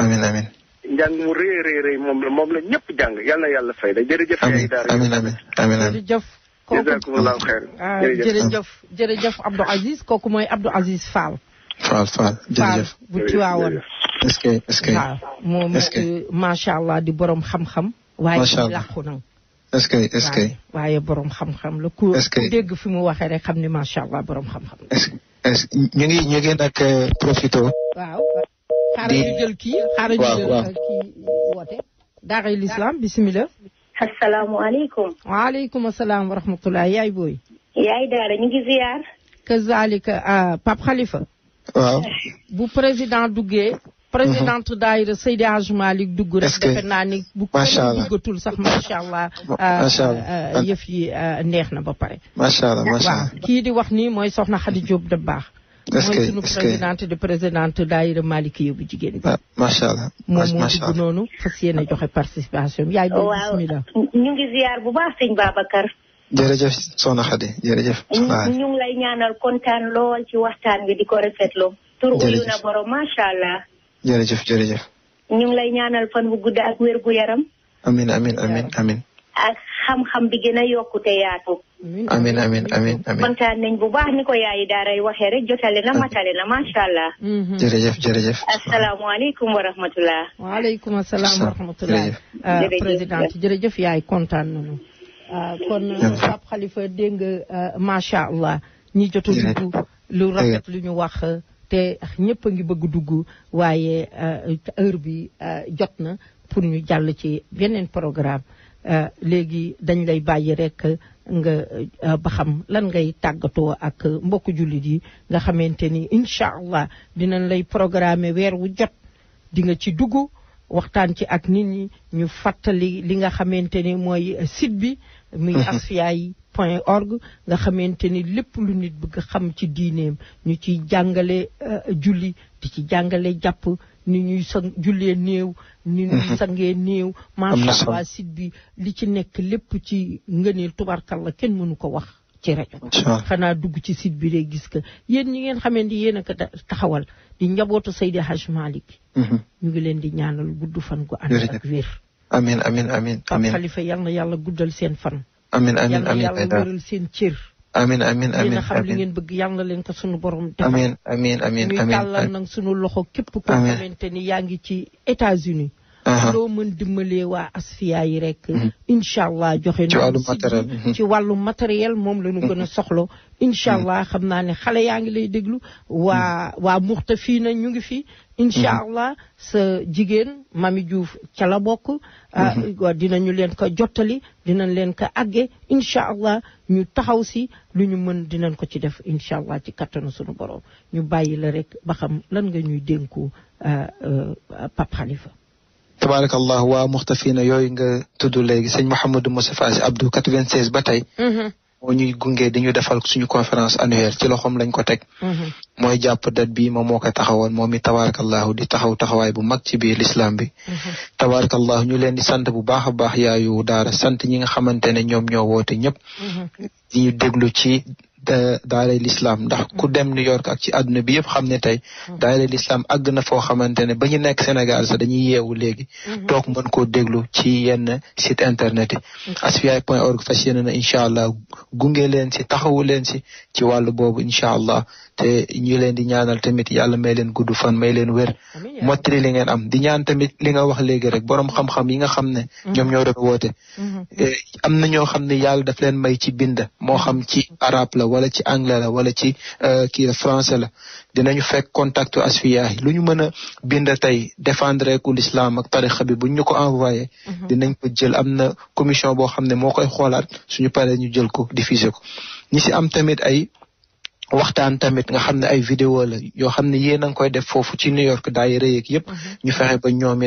amin amin njàng moom la moom la ñëpp jàng yal na yàlla fay la jërëjëf. amin amin amin amin ah, Aziz kooku mooy Abdou Aziz Fall. faal faal jërëjëf bu Tiwaawoon est-ce que est-ce que waaw moom macha allah di borom xam-xam. macha allah waaye làqu nag. est-ce que est-ce que waaye borom xam-xam la. ku dégg fi mu waxee rek xam ni macha allah borom xam-xam. est-ce que ñu ngi ñu ngi nag profité. waaw xaaral ñu jël kii. xaaral ñu jël kii woote. daaray lislaam bisimilah. asalaamualeykum. waaleykum salaam wa rahmatulah yaay booy. yaay daara ñu ngi ziar. kazalika Pape Khalifa. waaw bu président duggee. présidente mhm. daayira Seydi Hadj Malick dugg rek. defe naa ni bu kenn duggatul sax macha allah. Euh, macha allah euh, euh, yi neex na ba pare. macha allah macha kii di wax nii mooy Soxna Khady Diop de baax. est mooy sunu présidente de présidente daayira Malick yóbbu jigéen bi. Ah, macha allah moom moo dugg noonu fas yéene joxe participation bi. yaay booy bisimilah. ñu bu baax sëñ Babacar. jërëjëf soxna Xadi jërëjëf. soxna ñu ngi lay ñaanal kontaan lool ci waxtaan bi di ko rafetlu. jërëjëf tur uyu na borom macha allah. jërëjëf jërëjëf. ñu ngi lay ñaanal fan bu gudd ak wér gu yaram. amin amin amin amin ak xam-xam gën a yokkute yaatu. amin amin amin amin kontaan nañ bu baax ni ko yaayi daaray waxee rek jotale na matale na macha allah. Mhm. jërëjëf jërëjëf. asalaamualeykum wa rahmatulah. waaleykum salaam wa rahmatulah. Euh, présidente jërëjëf yaay kontaan nañu. Euh, kon euh, Pape xalifa dégg nga euh, macha allah ñi jot a lu rafet lu ñu wax te ñëpp a ngi bëgg dugg waaye heure bi jot na pour ñu jàll ci beneen programme léegi dañ lay bàyyi rek nga ba xam lan ngay tàggatoo ak mbokk jullit yi nga xamante ni incha allah dinañ lay programme weer wu jot di nga ci dugg waxtaan ci ak nit ñi ñu fàttali li nga xamante ni mooy sit bi muy mhm. asfiyahi point org nga xamante ni lépp lu nit bëgg xam ci diineem ñu ciy jàngale euh, julli di ci jàngale jàpp ni ñuy sang jullee néew ni ñuy mhm. sangee néew macha allah site bi li ci nekk lépp ci ngëneel la kenn mënu ko wax ci rajo xanaa dugg ci site bi day gis que yéen ñi ngeen xamante ni yéen a taxawal di njabootu Seydi Hajj Malick mhm. ñu ngi leen di ñaanal gudd fan gu ànd ak wér amin amin amin amin xalifa yal na yàlla guddal seen fan amin amin amin yal na yàlla wéral seen cër amin amin amin xam li ngeen bëgg yal leen ko sunu borom defal amin amin amin ñuy tàllal nag sunu loxo képp koo xamante ni yaa ngi ci États-Unis uh-huh. loo mën dimbalee waa asfiya yi rek mm-hmm. incha allah joxe mm-hmm. ci wàllu matériel moom la ñu gën a mm-hmm. soxla incha xam naa xale yaa ngi lay déglu waa muxta fii na ñu ngi fi incha allah sa jigéen Mami Diouf ca la bokk. Ah, mhm. dinañu leen ko jottali dinañ leen ko àggee incha allah ñu taxaw si lu ñu mën dinañ ko ci def incha allah ci kattanu sunu borom ñu bàyyi la rek ba xam lan nga ñuy dénku ah, ah, Pape Khalifa. tabaarakallah waa muxtafina yooyu nga tudd léegi sëñ Mouhamadou Moustapha Sy Abdou 96 ba tey. Mhm. moo ñuy gunge di ñu defal suñu conférence annuelle ci loxoom lañ ko teg mm-hmm. mooy jàpp date bi moom moo ko taxawoon moom mi tabarakallahu di taxaw taxawaay bu mag ci biir lislaam bi mm-hmm. tabarakallahu ñu leen di sant bu baax a yaayu daara sant ñi nga xamante ñoom ñoo woote mm-hmm. di ñu ci daaray lislaam ndax ku dem New York ak ci àdduna bi yëpp xam ne tey mm-hmm. daaray lislaam àgg na foo xamante ne ba ñu nekk Sénégal sax dañuy yeewu léegi mm-hmm. toog mën koo déglu ci yenn site internet yi mm-hmm. asfiyahi point org fas yéene na incha allah gunge leen si taxawu leen si ci wàllu boobu incha allah te ñu leen di ñaanal tamit yàlla may leen gudd fan may leen wér mottali li ngeen am di ñaan tamit li nga wax léegi rek borom xam-xam yi nga xam ne mm-hmm. ñoom ñoo doon woote mm-hmm. eh, am na ñoo xam ne yàlla daf leen may ci bind moo xam ci arabe la wala ci anglais la wala ci eh, kii français la dinañu fekk contact asfiya yi lu ñu mën a bind tey défendre ku l'islam ak tarixa bu ñu ko envoyé mm-hmm. dinañ ko jël am na commission boo xam ne moo koy xoolaat suñu paree ñu jël ko diffuser ko ñi si waxtaan tamit nga xamne ay vidéo la yo xamne yéen a koy def fofu ci New York daayere yek yep ñu fexe ba ñoom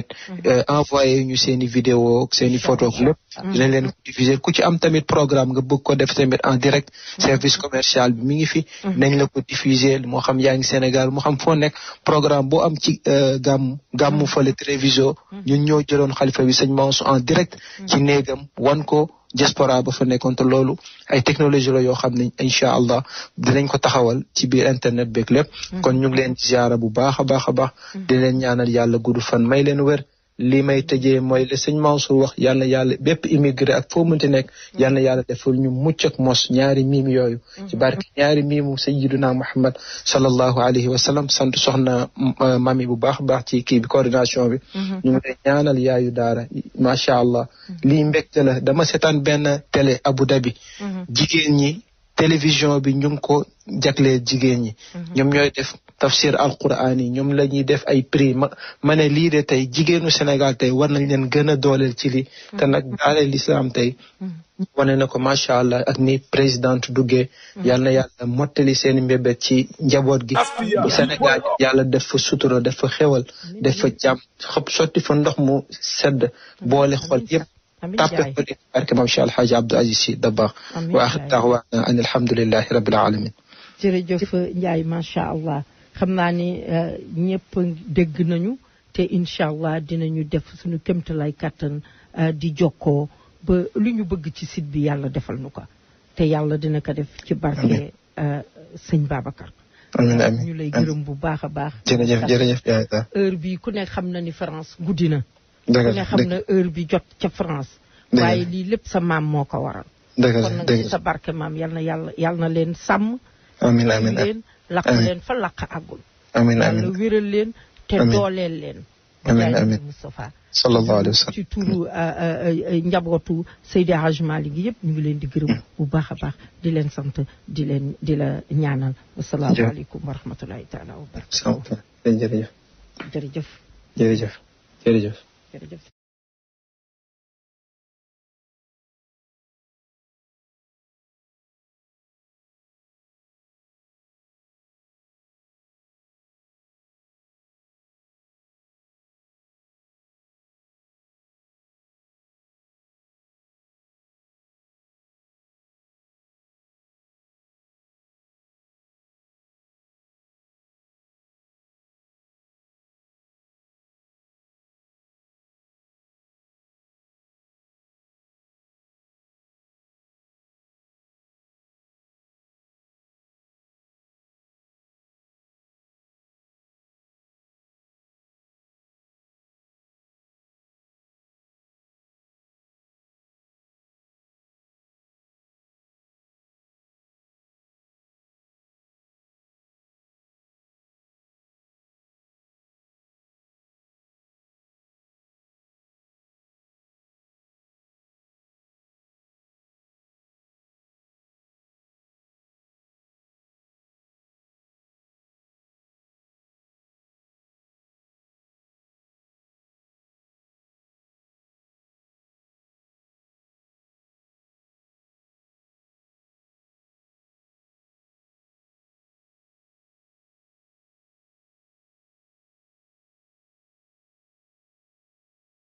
envoyer ñu seen vidéo ak seen photo ak lépp dinañ leen diffuser ku ci am tamit programme nga bëgg ko def tamit en direct service commercial bi mi ngi fi nañ la ko diffuser mo xam yaangi Sénégal mo xam fo nek programme bo am ci gam gamu gàmmu le Treviso ñun ñoo jëloon khalifa bi sëñ mansou en direct ci négam wan ko diaspora ba a nekkoon te loolu ay technologie la yoo xam ne incha allah dinañ ko taxawal ci biir internet beeg lépp mm. kon ñu ngi ziara bu baax a baax a baax mm. di leen ñaanal fan may leen wér li may tëjee mooy le sëñ Mansour wax yàlla yàlla bépp immigré ak foo mënti nekk yàlla yàlla defal ñu mucc ak mos ñaari miim yooyu ci barke ñaari miimu sayyiduna Muhammad sallallahu alayhi wa sallam soxna euh, mami bu baax baax ci kii bi coordination bi mhm. ñu ngi lay ñaanal yaayu daara macha allah mhm. lii mbégte la dama seetaan benn télé Abu Dhabi mhm. jigéen ñi télévision bi ñu ngi ko jagleel jigéen ñi ñoom ñooy def tafsir alquran yi ñoom la ñuy def ay prix ma ma ne lii de tey jigéenu Sénégal tey war nañ leen gën a dooleel ci li te nag daale lislaam tey wane na ko macha allah ak ni présidente duggee yal na yàlla mottali seen mbébét ci njaboot gi bu Sénégal yàlla def fa sutura def fa xewal def fa jàmm xëpp sotti fa ndox mu sedd boole xol yëpp تابت بارك ما شاء الحاج عبد العزيز سي دباغ واخر دعوانا ان الحمد لله رب العالمين جرجف جاي ما شاء الله xam naa ni euh, ñëpp dégg nañu te incha allah dinañu def suñu kémtalay kàttan euh, di jokkoo ba lu ñu bëgg ci sit bi yàlla defal nu ko te yàlla dina ko def ci barke euh, sëñ Babacar ko amiin ñu lay gërëm bu baax a baax jërëjëf jërëjëf heure bi ku ne xam na ni France guddi na ku ne xam na heure bi jot ca France waaye lii lépp sa maam moo ko waral kon nag sa barke maam yal na yàlla yal na leen sàmm amiin amiin leen lakk leen fa lakk agul amiin amiin yàlla wéral leen te dooleel leen amiin amiin Moustapha sallallahu alayhi wa sallam turu euh, euh, euh, njabootu Seydi Hadj Malick gi yëpp ñu ngi leen di gërëm mm. bu baax a baax di leen sant di leen di la ñaanal wasalaamaaleykum wa rahmatulahi taala wa barakatu jërëjëf jërëjëf jërëjëf